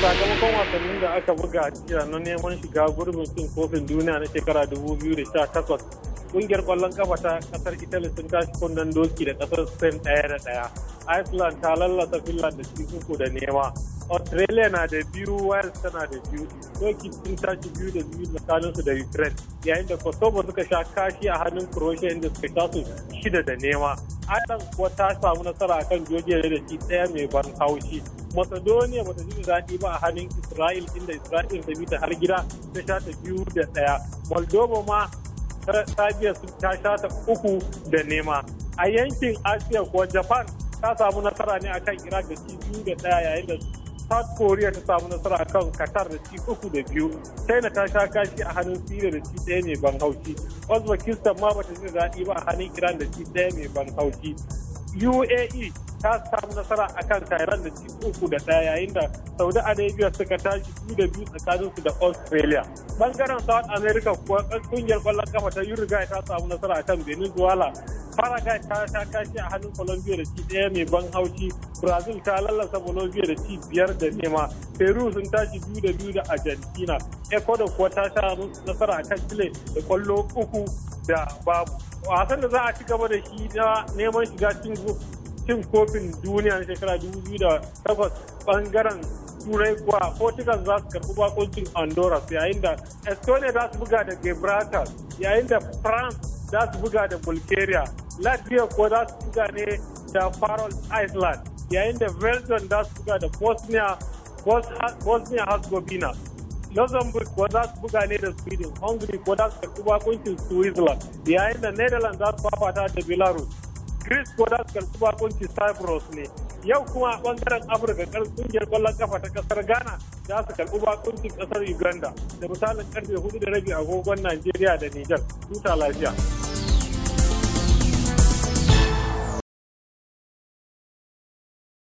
sakamakon wasannin da aka buga a cikin ranar neman shiga gurbin cin kofin duniya na shekara 2018 kungiyar kwallon kafa ta kasar italy sun tashi kundin doki da kasar spain daya da daya iceland ta lallata finland da cikin uku da nema australia na da biyu wales tana da biyu doki sun tashi biyu da biyu tsakaninsu da ukraine yayin da kosovo suka sha kashi a hannun croatia inda suka tasu shida da nema Ireland kuwa ta samu nasara kan Georgia da shi ɗaya mai ban haushi. Macedonia bata ji daɗi ba a hannun Isra'il inda Isra'il ta bi ta har gida ta sha ta biyu da ɗaya. Moldova ma ta biya ta sha ta uku da nema. A yankin Asiya kuwa Japan ta samu nasara ne akan Iraq da ci biyu da ɗaya yayin da South Korea ta samu nasara kan Qatar da ci uku da biyu. China ta sha kashi a hannun Syria da ci ɗaya mai ban haushi. Uzbekistan ma bata ji daɗi ba a hannun Iran da ci ɗaya mai ban haushi. UAE ta samu nasara a kan Tehran da ci uku da ɗaya yayin da Saudi Arabia suka tashi biyu da biyu tsakaninsu da Australia. Bangaren South America kuwa kungiyar ƙwallon kafa ta Uruguay ta samu nasara a kan Venezuela. Paraguay ta sha kashi a hannun Colombia da ci ɗaya mai ban haushi brazil ta lallasa bolivia da ci biyar da nema peru sun tashi biyu da biyu da argentina ecuador kuwa ta sha nasara a kan chile da kwallo uku da babu wasan da za a ci gaba da shi na neman shiga cin kofin duniya na shekara 2008 bangaren turai kuwa portugal za su karbi bakoncin honduras yayin da estonia za su buga da gibraltar yayin da france za su buga da bulgaria latvia kuwa za su buga ne da faroe island yayin da belgium za su buga da bosnia bosnia herzegovina luxembourg ko za su buga ne da sweden hungary ko za su karɓi bakuncin switzerland yayin da netherlands za su fafata da belarus greece ko za su karɓi bakuncin cyprus ne yau kuma a bangaren afirka ƙungiyar kwallon kafa ta ƙasar ghana za su karɓi bakuncin kasar uganda da misalin karfe hudu da rabi agogon najeriya da niger tuta lafiya